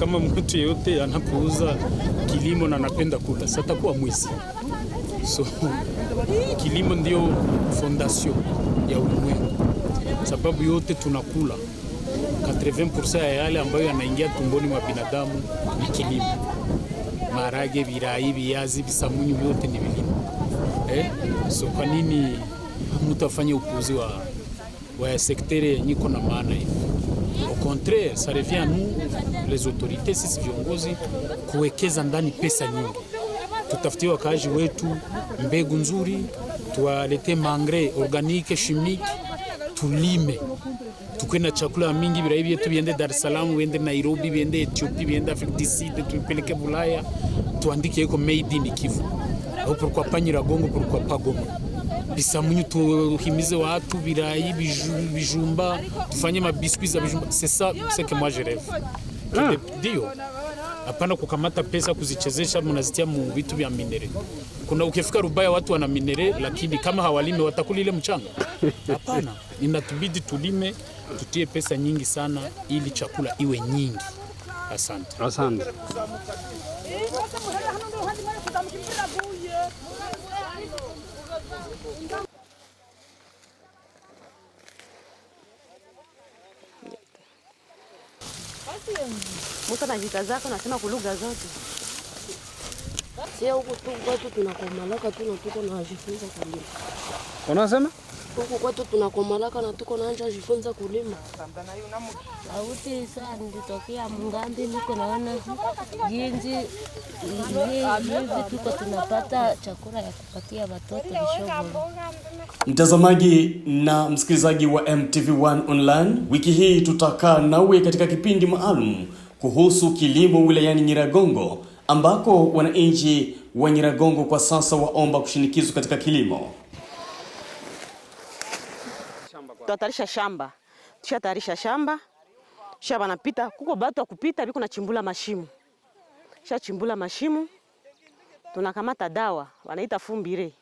kama mtu yeyote anapouza kilimo na anapenda kula satakuwa mwizi. So kilimo ndio fondation ya ulimwengu, sababu yote tunakula 80% ya yale ambayo yanaingia tumboni mwa binadamu ni kilimo. marage virai, viazi, visamunyu vyote ni vilimo eh? So kwa nini mtu afanye upuuzi wa, wa sekteri yenye iko na maana hivi? Au contraire, ça revient à nous les autorités, sisi viongozi, kuwekeza ndani pesa nyingi, tutafutie wakaaji wetu mbegu nzuri, tuwaletee mangre organique chimique, tulime tukwe na chakula mingi, birayi vyetu viende Dar es Salaam, viende Nairobi, viende Ethiopia, viende Afrique du Sud, Bulaya, tuandike yuko made in Kivu au pourquoi pas Nyiragongo, pourquoi pas Goma bisamunyu tuhimize watu birayi bijumba tufanye mabiskuit za bijumba c'est ça c'est que moi je rêve ah. ndio hapana kukamata pesa kuzichezesha mnazitia mu vitu vya minere kuna ukifika Rubaya watu wana minere lakini kama hawalime watakula ile mchanga hapana inatubidi tulime tutie pesa nyingi sana ili chakula iwe nyingi asante asante eh, Muka najita zako nasema kuluga zote. Sio huko tu kwetu tunakomaloka tu na tuko na wajifunza kabisa. Unasema? huku kwetu tunakomalaka na tuko naanja jifunza kulima. Sauti saa nilitokea niko naona hivi tuko tunapata chakula ya kupatia watoto vishogo. Mtazamaji na msikilizaji wa MTV1 Online, wiki hii tutakaa nawe katika kipindi maalum kuhusu kilimo wilayani Nyiragongo ambako wananchi wa Nyiragongo kwa sasa waomba kushinikizwa katika kilimo. tutatayarisha shamba, tushatayarisha shamba shamba napita, kuko batu akupita biko nachimbula mashimo, shachimbula mashimo, tunakamata dawa wanaita fumbire,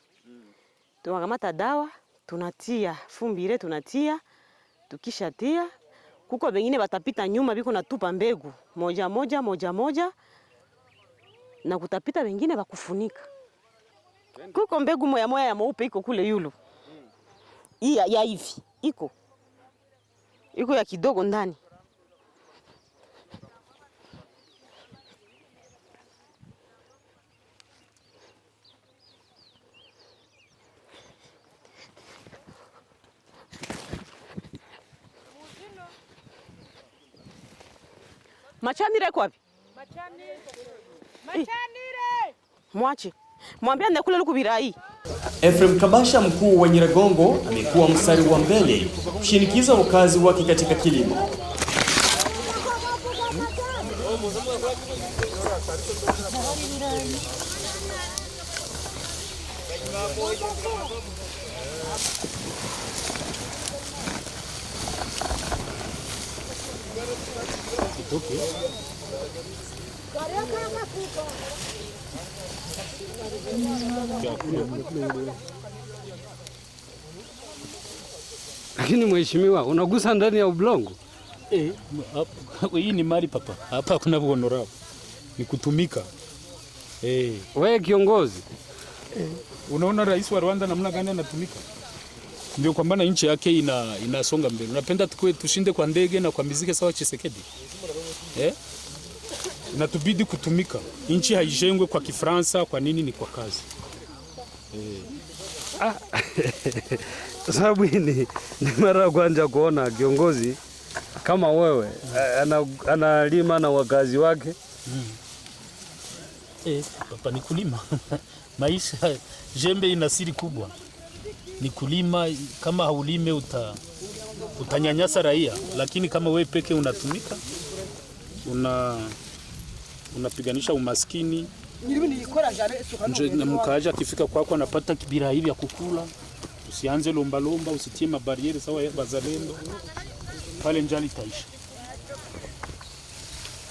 tunakamata dawa tunatia fumbire, tunatia tukishatia, kuko bengine batapita nyuma biko natupa mbegu moja moja moja moja, na kutapita bengine bakufunika. Kuko mbegu moya moya ya mweupe iko kule yulu, iya ya hivi iko iko ya kidogo ndani machanire kwapi? Machanire. Eh. Machanire. Mwache mwambia nekule lukubirayi. Ephraim Kabasha, mkuu wa Nyiragongo, amekuwa mstari wa mbele kushinikiza wakazi wake katika kilimo. Okay. Lakini mheshimiwa, unagusa ndani ya ublongo eh? Hii ni mali papa, hapa kuna kuondorapo, ni kutumika E, Wewe kiongozi e, unaona rais wa Rwanda namna gani anatumika, ndio kwa na nchi yake ina, inasonga mbele. Unapenda tukue tushinde kwa ndege na kwa miziki sawa Chisekedi e? Eh? natubidi kutumika. Nchi haijengwe kwa Kifaransa, kwa nini? Ni kwa kazi e. Ah, sababu ni mara ya kwanza kuona kiongozi kama wewe eh, analima ana na wakazi wake mm. E, eh, papa ni kulima maisha jembe ina siri kubwa, ni kulima. Kama haulime uta, utanyanyasa raia, lakini kama wewe peke unatumika una unapiganisha umaskini mkaaja akifika kwako anapata kibira hivi ya kukula. Usianze lombalomba, usitie mabarieri sawa ya bazalendo pale, njali itaisha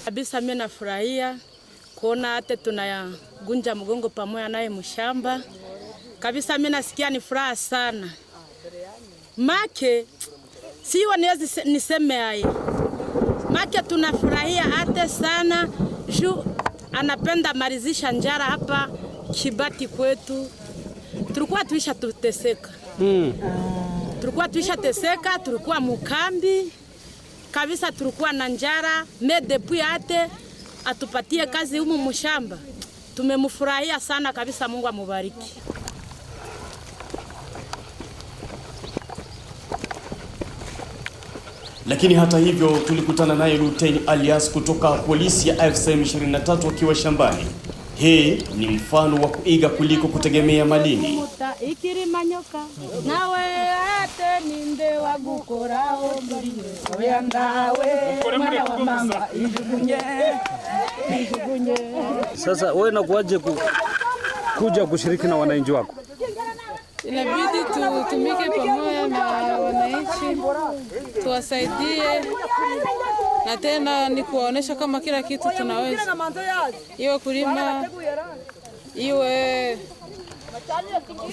kabisa. Mimi nafurahia kuona hata tunagunja mgongo pamoja naye mshamba kabisa. Mimi nasikia ni furaha sana, make siwa niwezi niseme hai, make tunafurahia hata sana juu anapenda marizisha njara hapa Kibati kwetu. Tulikuwa tuisha tuteseka mm. Tulikuwa tuisha teseka, tulikuwa mukambi kabisa, tulikuwa na njara depuis ate atupatie kazi humu mushamba. Tumemfurahia sana kabisa, Mungu amubariki. Lakini hata hivyo tulikutana naye Luteni Alias kutoka polisi ya FSM 23 akiwa shambani. Hii ni mfano wa kuiga kuliko kutegemea malini. Sasa wewe nakuaje ku, kuja kushiriki na wananchi wako? inabidi tutumike pamoja na wananchi, tuwasaidie na tena ni kuwaonesha kama kila kitu tunaweza, iwe kulima, iwe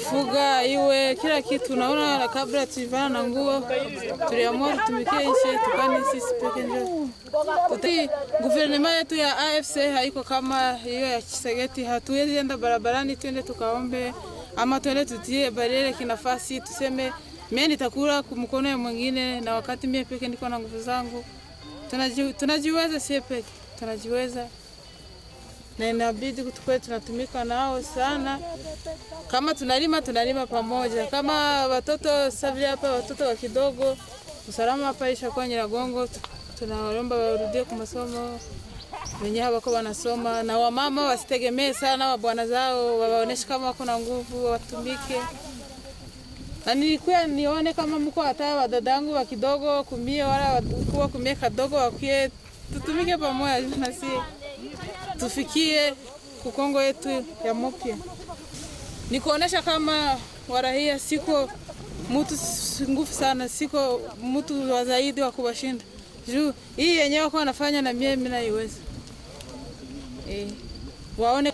fuga, iwe kila kitu. Naona kabla tuivana na nguo, tuliamua tutumikie nchi yetu, kwani sisi peke njo tuti. Guvernema yetu ya AFC haiko kama hiyo ya Chisegeti, hatuwezi enda barabarani, twende tukaombe ama tuende tutie barere kinafasi, tuseme mimi nitakula kumkono ya mwingine, na wakati mimi peke niko na nguvu zangu. Tunaji, tunajiweza sie peke tunajiweza, na inabidi tukue tunatumika nao sana. Kama tunalima tunalima pamoja, kama watoto savile hapa, watoto wa kidogo usalama hapa kwa Nyiragongo, tunaomba warudie kumasomo wenyewe wako wanasoma, na wamama wasitegemee sana wa bwana zao, wawaoneshe kama wako na nguvu, watumike. Na nilikuwa nione kama mko hata wadadangu wa kidogo kumie, wala kuwa kumie kadogo wakie, tutumike pamoja, na si tufikie kukongo yetu ya mupya, nikuonesha kama warahia siko mtu nguvu sana, siko mtu wa zaidi wa kubashinda juu hii yenyewe wako wanafanya na mimi naiwezi waone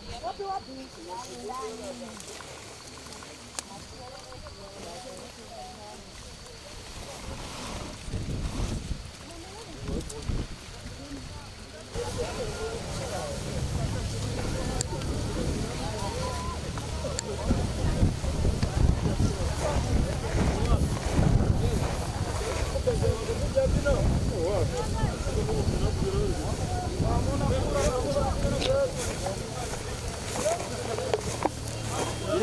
Thank you.